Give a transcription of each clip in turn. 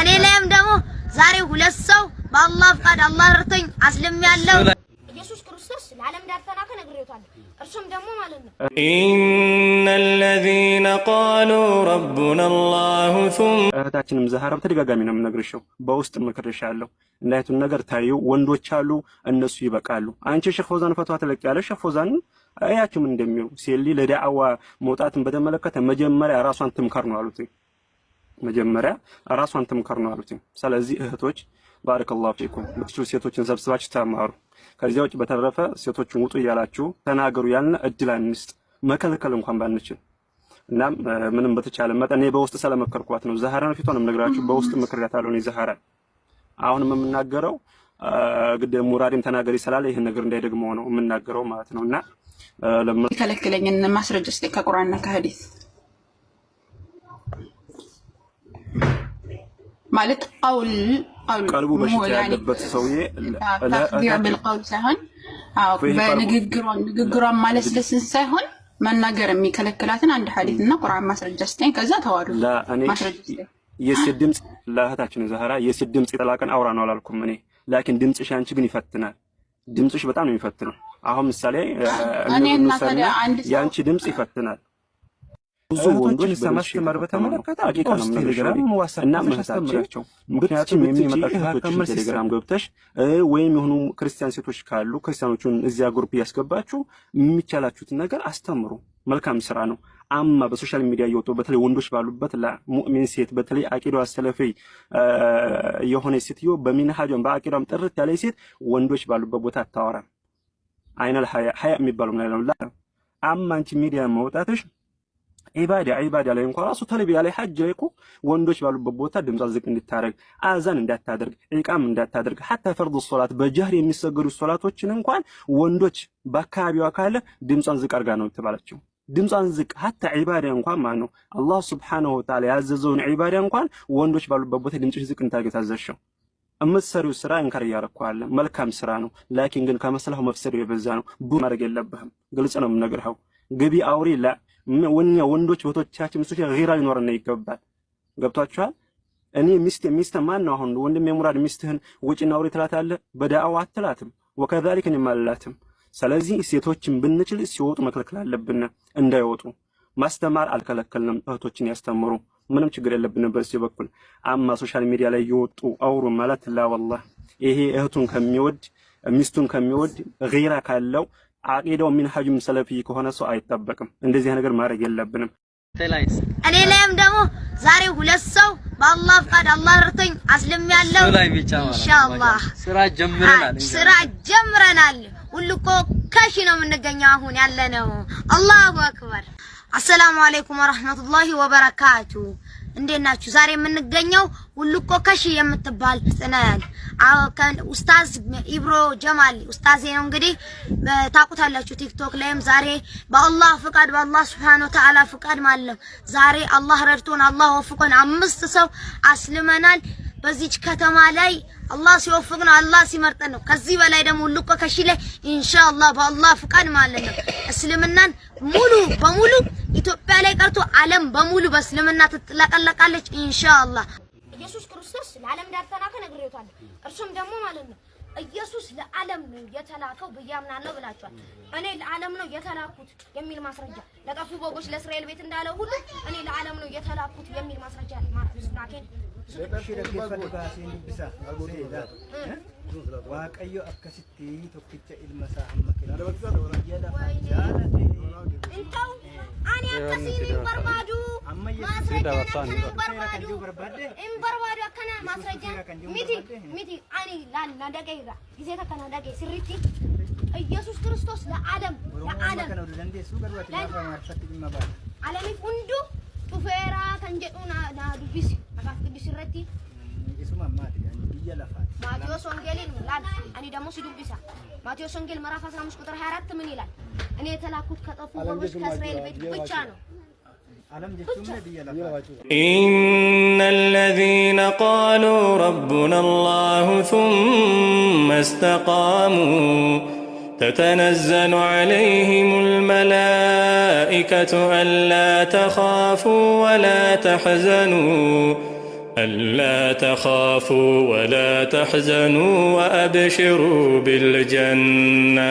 እኔ ላይም ደግሞ ዛሬ ሁለት ሰው በአላህ ፍቃድ አላህ ረድቶኝ አስልሜያለሁ። ኢየሱስ ክርስቶስ ለዓለም ዳር ተላከ እርሱም ደግሞ ማለት ነው ኢነል ለዚነ ቃሉ ረቡና አላሁ ሱም እህታችንም ዛህራም ተደጋጋሚ ነው የምነግርሽው፣ በውስጥ መክርሻለሁ። እንዳይቱን ነገር ታዩ ወንዶች አሉ፣ እነሱ ይበቃሉ። አንቺ ሼክ ፎዛን ፈቷ ተለቅ ያለ ፎዛን እንደሚሉ ሴሊ ለዳዕዋ መውጣትን በተመለከተ መጀመሪያ ራሷን ትምከር ነው አሉት። መጀመሪያ ራሷን ትምከር ነው አሉት። ስለዚህ እህቶች ባረከላሁ ፊኩም የምትችሉ ሴቶችን ሰብስባችሁ ተማሩ። ከዚያ ውጭ በተረፈ ሴቶችን ውጡ እያላችሁ ተናገሩ ያልን እድል አንስጥ መከልከል እንኳን ባንችል እና ምንም በተቻለ መጠን እኔ በውስጥ ስለመከርኳት ነው። ዘሐራን ፊቷንም ነግራችሁ በውስጥ ምክሬያታለሁ። እኔ ዘሐራን አሁንም የምናገረው ግድ ሙራዴም ተናገሪ ስላለ ይህን ነገር እንዳይደግመው ነው የምናገረው ማለት ነው እና ለምን ከለከለኝን ማስረጃ ከቁርአንና ከሐዲስ ማለት ቀውል ቀልቡ በሽታ ያለበት ሰውዬ ብልቀውል ሳይሆን በንግግሯን ንግግሯን ማለስለስን ሳይሆን መናገር የሚከለክላትን አንድ ሀዲት እና ቁርአን ማስረጃ ስጠኝ። ከዛ ተዋዱ የሴት ድምፅ ለእህታችን ዛህራ የስ ድምፅ የጠላቀን አውራ ነው አላልኩም እኔ ላኪን ድምፅሽ አንቺ ግን ይፈትናል። ድምፅሽ በጣም ነው የሚፈትነው። አሁን ምሳሌ አንድ የአንቺ ድምፅ ይፈትናል ብዙ ወንዶች በማስተማር በተመለከተ አቂቃዎች ቴሌግራም ዋሳናቸው። ምክንያቱም የሚመጣቶችን ቴሌግራም ገብተሽ ወይም የሆኑ ክርስቲያን ሴቶች ካሉ ክርስቲያኖቹን እዚያ ግሩፕ እያስገባችሁ የሚቻላችሁትን ነገር አስተምሩ። መልካም ስራ ነው። አማ በሶሻል ሚዲያ እየወጡ በተለይ ወንዶች ባሉበት ለሙእሚን ሴት በተለይ አቂዳዋ አሰለፊ የሆነ ሴትዮ በሚንሃጇን በአቂዳም ጥርት ያለ ሴት ወንዶች ባሉበት ቦታ አታወራም። አይነል ሀያ የሚባሉ ምናለው አማ አንቺ ሚዲያ መውጣትሽ ኢባዳ ኢባዳ ላይ እንኳን ራሱ ተልቢያ ላይ ሐጅ ላይ እኮ ወንዶች ባሉበት ቦታ ድምጿን ዝቅ እንድታደርግ አዛን እንዳታደርግ ኢቃም እንዳታደርግ ሐታ ፈርድ ሶላት በጀህር የሚሰገዱ ሶላቶችን እንኳን ወንዶች በአካባቢዋ ካለ ድምጿን ዝቅ አርጋ ነው የተባለችው። ድምጿን ዝቅ ሐታ ኢባዳ እንኳን ማለት ነው አላህ ሱብሓነሁ ወተዓላ ያዘዘውን ኢባዳ እንኳን ወንዶች ባሉበት ቦታ ድምጽሽ ዝቅ እንድታደርግ ታዘዝሽው። እምትሰሪው ስራ እንከር እያረኳለ መልካም ስራ ነው፣ ላኪን ግን ከመስላሁ መፍሰሪው የበዛ ነው። ቡ ማድረግ የለብህም ግልጽ ነው የምነግርህ። ገቢ አውሪ ላ ወንዶች እህቶቻችን ምስቶች ራ ሊኖረን ይገባል። ገብቷችኋል? እኔ ሚስት ሚስት ማን ነው አሁን? ወንድሜ ሙራድ ሚስትህን ውጭና አውሪ ትላታለህ? በዳዕዋ አትላትም። ወከዛሊክ እኔም አልላትም። ስለዚህ ሴቶችን ብንችል ሲወጡ መከልከል አለብን። እንዳይወጡ ማስተማር አልከለከልንም። እህቶችን ያስተምሩ፣ ምንም ችግር የለብንም በዚህ በኩል። አማ ሶሻል ሚዲያ ላይ የወጡ አውሩ ማለት ላ ወላሂ ይሄ እህቱን ከሚወድ ሚስቱን ከሚወድ ጊራ ካለው አቂዳው ሚንሀጁም ሰለፊ ከሆነ ሰው አይጠበቅም። እንደዚህ ነገር ማድረግ የለብንም። እኔ ላይም ደግሞ ዛሬ ሁለት ሰው በአላህ ፍቃድ አላህ ረድቶኝ ያለው ኢንሻአላህ ስራ ጀምረናል፣ ስራ ጀምረናል። ሁሉ እኮ ከሺ ነው የምንገኘው አሁን ያለነው። አላሁ አክበር። አሰላሙ አለይኩም ወራህመቱላሂ ወበረካቱ እንዴት ናችሁ? ዛሬ የምንገኘው ውልቆ ከሺ የምትባል አዎ፣ ኡስታዝ ኢብሮ ጀማል ኡስታዜ ነው። እንግዲህ ታውቁታላችሁ። ቲክቶክ ላይም ዛሬ በአላህ ፍቃድ በአላህ ስብሐነ ወተዓላ ፍቃድ ማለት ዛሬ አላህ ረድቶን አላህ ወፍቆን አምስት ሰው አስልመናል። በዚች ከተማ ላይ አላህ ሲወፍቅ ነው፣ አላህ ሲመርጠን ነው። ከዚህ በላይ ደግሞ ውልቆ ከሺ ላይ ኢንሻአላህ በአላህ ፍቃድ ማለት ነው እስልምናን ሙሉ በሙሉ ኢትዮጵያ ላይ ቀርቶ ዓለም በሙሉ በእስልምና ትጥለቀለቃለች ኢንሻአላህ። ኢየሱስ ክርስቶስ ለዓለም ዳርተናከ ነግሬውታለሁ። እርሱም ደግሞ ማለት ነው ኢየሱስ ለዓለም ነው የተላከው ብዬ አምናለሁ ብላችኋል። እኔ ለዓለም ነው የተላኩት የሚል ማስረጃ ለጠፉ በጎች ለእስራኤል ቤት እንዳለ ሁሉ እኔ ለዓለም ነው የተላኩት የሚል ማስረጃ ማስራኬን waaqayyo akkasitti tokkicha ilma isaa amma kenna ኢየሱስ ክርስቶስ ለዓለም ለዓለም ዓለሚፍ ሁንዱ ጩፌራ ከን jedhu na dubbisi maqaan dubbisi irratti isuma maatiidhaan biyya lafaati maatiyos wongeeliin laal ani ደግሞ si dubbisa maatiyos wongeel maraaf 15 ቁጥር 24 ምን ይላል እኔ የተላኩት ከጠፉ ወሮች ከእስራኤል ቤት ብቻ ነው። إن الذين قالوا ربنا الله ثم استقاموا تتنزل عليهم الملائكة ألا تخافوا ولا تحزنوا ألا تخافوا ولا تحزنوا وأبشروا بالجنة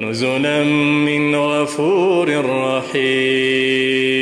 نزلا من غفور رحيم